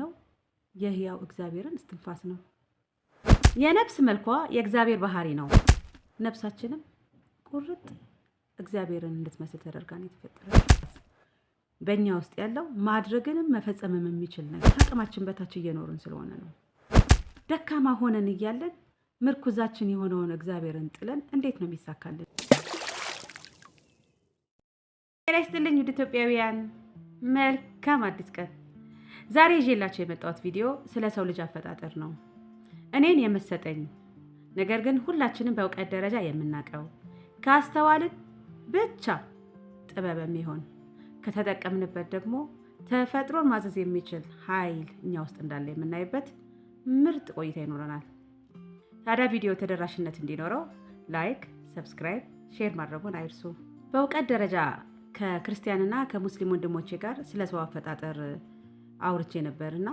ነው የህያው እግዚአብሔርን እስትንፋስ ነው። የነፍስ መልኳ የእግዚአብሔር ባህሪ ነው። ነፍሳችንም ቁርጥ እግዚአብሔርን እንድትመስል ተደርጋ የተፈጠረ በእኛ ውስጥ ያለው ማድረግንም መፈጸምም የሚችል ነገር አቅማችን በታች እየኖርን ስለሆነ ነው። ደካማ ሆነን እያለን ምርኩዛችን የሆነውን እግዚአብሔርን ጥለን እንዴት ነው የሚሳካልን? ጤና ይስጥልኝ ውድ ኢትዮጵያውያን፣ መልካም አዲስ ቀን። ዛሬ ይዤላቸው የመጣሁት ቪዲዮ ስለ ሰው ልጅ አፈጣጠር ነው። እኔን የመሰጠኝ ነገር ግን ሁላችንም በእውቀት ደረጃ የምናውቀው ካስተዋልን ብቻ ጥበብ የሚሆን ከተጠቀምንበት ደግሞ ተፈጥሮን ማዘዝ የሚችል ኃይል እኛ ውስጥ እንዳለ የምናይበት ምርጥ ቆይታ ይኖረናል። ታዲያ ቪዲዮ ተደራሽነት እንዲኖረው ላይክ፣ ሰብስክራይብ፣ ሼር ማድረጉን አይርሱ። በእውቀት ደረጃ ከክርስቲያንና ከሙስሊም ወንድሞቼ ጋር ስለ ሰው አፈጣጠር አውርቼ ነበር እና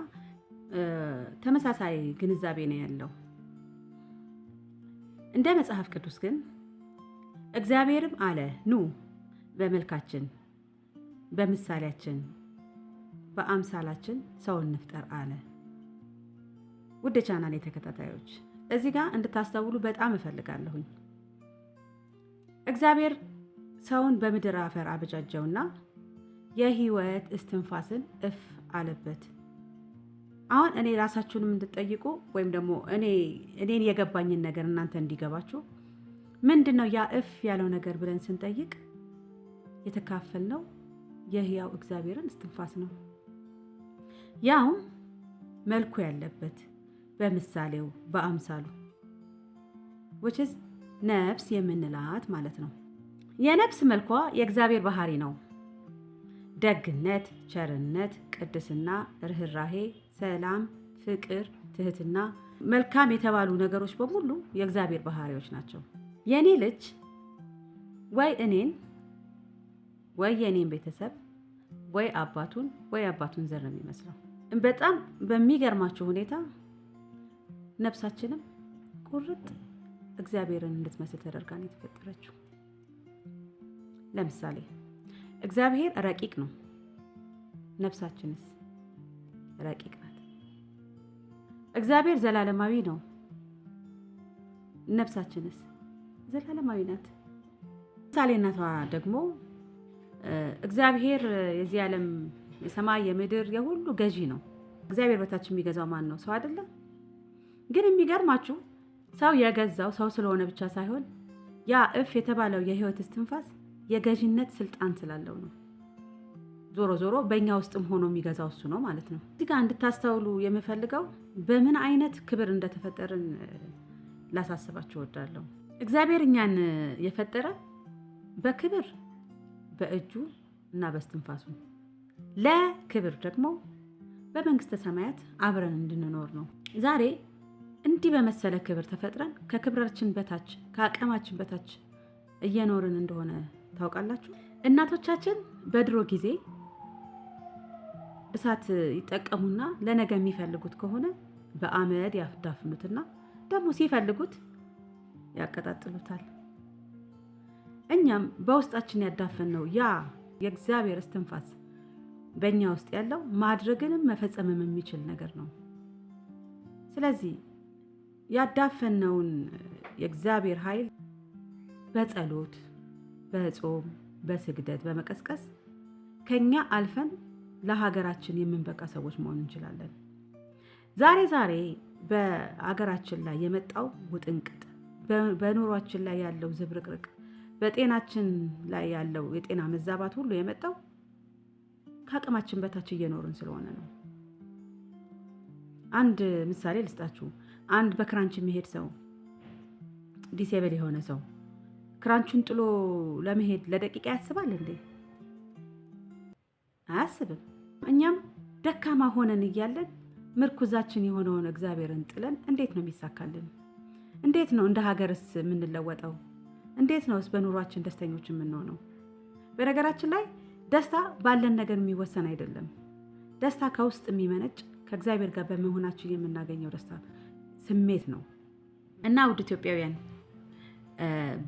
ተመሳሳይ ግንዛቤ ነው ያለው። እንደ መጽሐፍ ቅዱስ ግን እግዚአብሔርም አለ ኑ በመልካችን በምሳሌያችን በአምሳላችን ሰው እንፍጠር አለ። ውድ የቻናሌ ተከታታዮች እዚህ ጋር እንድታስተውሉ በጣም እፈልጋለሁኝ። እግዚአብሔር ሰውን በምድር አፈር አበጃጀውና የህይወት እስትንፋስን እፍ አለበት። አሁን እኔ ራሳችሁንም እንድጠይቁ ወይም ደግሞ እኔን የገባኝን ነገር እናንተ እንዲገባችሁ ምንድን ነው ያ እፍ ያለው ነገር ብለን ስንጠይቅ የተካፈልነው የህያው እግዚአብሔርን እስትንፋስ ነው። ያውም መልኩ ያለበት በምሳሌው በአምሳሉ ነፍስ የምንላት ማለት ነው። የነፍስ መልኳ የእግዚአብሔር ባህሪ ነው። ደግነት፣ ቸርነት፣ ቅድስና፣ ርኅራሄ፣ ሰላም፣ ፍቅር፣ ትህትና፣ መልካም የተባሉ ነገሮች በሙሉ የእግዚአብሔር ባህሪዎች ናቸው። የእኔ ልጅ ወይ እኔን ወይ የእኔን ቤተሰብ ወይ አባቱን ወይ አባቱን ዘር ነው የሚመስለው። በጣም በሚገርማችሁ ሁኔታ ነፍሳችንም ቁርጥ እግዚአብሔርን እንድትመስል ተደርጋ ነው የተፈጠረችው። ለምሳሌ እግዚአብሔር ረቂቅ ነው። ነፍሳችንስ ረቂቅ ናት። እግዚአብሔር ዘላለማዊ ነው። ነፍሳችንስ ዘላለማዊ ናት። ምሳሌ እናቷ ደግሞ እግዚአብሔር የዚህ ዓለም የሰማይ የምድር የሁሉ ገዢ ነው። እግዚአብሔር በታች የሚገዛው ማን ነው? ሰው አይደለም? ግን የሚገርማችሁ ሰው የገዛው ሰው ስለሆነ ብቻ ሳይሆን ያ እፍ የተባለው የህይወት እስትንፋስ የገዥነት ስልጣን ስላለው ነው። ዞሮ ዞሮ በእኛ ውስጥም ሆኖ የሚገዛው እሱ ነው ማለት ነው። እዚህ ጋር እንድታስተውሉ የምፈልገው በምን አይነት ክብር እንደተፈጠርን ላሳስባችሁ እወዳለሁ። እግዚአብሔር እኛን የፈጠረ በክብር በእጁ እና በስትንፋሱ ለክብር ደግሞ በመንግስተ ሰማያት አብረን እንድንኖር ነው። ዛሬ እንዲህ በመሰለ ክብር ተፈጥረን ከክብራችን በታች ከአቅማችን በታች እየኖርን እንደሆነ ታውቃላችሁ። እናቶቻችን በድሮ ጊዜ እሳት ይጠቀሙና ለነገ የሚፈልጉት ከሆነ በአመድ ያዳፍኑትና ደግሞ ሲፈልጉት ያቀጣጥሉታል። እኛም በውስጣችን ያዳፈንነው ያ የእግዚአብሔር እስትንፋስ በእኛ ውስጥ ያለው ማድረግንም መፈጸምም የሚችል ነገር ነው። ስለዚህ ያዳፈነውን የእግዚአብሔር ኃይል በጸሎት በጾም በስግደት በመቀስቀስ ከኛ አልፈን ለሀገራችን የምንበቃ ሰዎች መሆን እንችላለን። ዛሬ ዛሬ በሀገራችን ላይ የመጣው ውጥንቅጥ፣ በኑሯችን ላይ ያለው ዝብርቅርቅ፣ በጤናችን ላይ ያለው የጤና መዛባት ሁሉ የመጣው ከአቅማችን በታች እየኖርን ስለሆነ ነው። አንድ ምሳሌ ልስጣችሁ። አንድ በክራንች የሚሄድ ሰው ዲሴብል የሆነ ሰው ክራንቹን ጥሎ ለመሄድ ለደቂቃ ያስባል እንዴ? አያስብም። እኛም ደካማ ሆነን እያለን ምርኩዛችን የሆነውን እግዚአብሔርን ጥለን እንዴት ነው የሚሳካልን? እንዴት ነው እንደ ሀገርስ የምንለወጠው? እንዴት ነውስ በኑሯችን ደስተኞች የምንሆነው? በነገራችን ላይ ደስታ ባለን ነገር የሚወሰን አይደለም። ደስታ ከውስጥ የሚመነጭ ከእግዚአብሔር ጋር በመሆናችን የምናገኘው ደስታ ስሜት ነው እና ውድ ኢትዮጵያውያን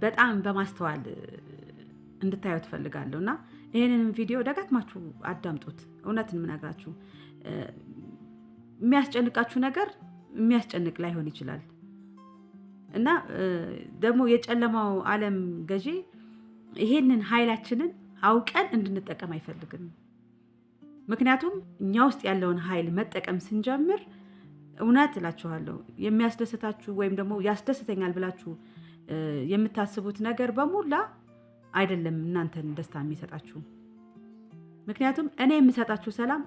በጣም በማስተዋል እንድታዩ ትፈልጋለሁ እና ይህንንም ቪዲዮ ደጋግማችሁ አዳምጡት። እውነትን የምነግራችሁ የሚያስጨንቃችሁ ነገር የሚያስጨንቅ ላይሆን ይችላል እና ደግሞ የጨለማው ዓለም ገዢ ይሄንን ኃይላችንን አውቀን እንድንጠቀም አይፈልግም። ምክንያቱም እኛ ውስጥ ያለውን ኃይል መጠቀም ስንጀምር እውነት እላችኋለሁ የሚያስደስታችሁ ወይም ደግሞ ያስደስተኛል ብላችሁ የምታስቡት ነገር በሙላ አይደለም እናንተን ደስታ የሚሰጣችሁ። ምክንያቱም እኔ የምሰጣችሁ ሰላም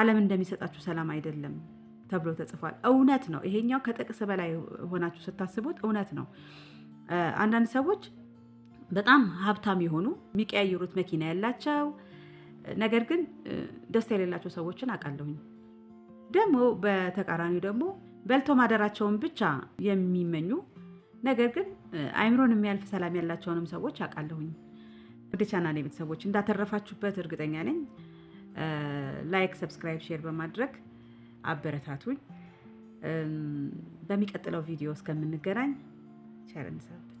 ዓለም እንደሚሰጣችሁ ሰላም አይደለም ተብሎ ተጽፏል። እውነት ነው። ይሄኛው ከጥቅስ በላይ ሆናችሁ ስታስቡት እውነት ነው። አንዳንድ ሰዎች በጣም ሀብታም የሆኑ የሚቀያየሩት መኪና ያላቸው ነገር ግን ደስታ የሌላቸው ሰዎችን አውቃለሁኝ። ደግሞ በተቃራኒው ደግሞ በልቶ ማደራቸውን ብቻ የሚመኙ ነገር ግን አይምሮን የሚያልፍ ሰላም ያላቸውንም ሰዎች አውቃለሁኝ። ወደ ቻናሌ ቤተሰቦች እንዳተረፋችሁበት እርግጠኛ ነኝ። ላይክ፣ ሰብስክራይብ፣ ሼር በማድረግ አበረታቱኝ። በሚቀጥለው ቪዲዮ እስከምንገናኝ ቸር እንሰንብት።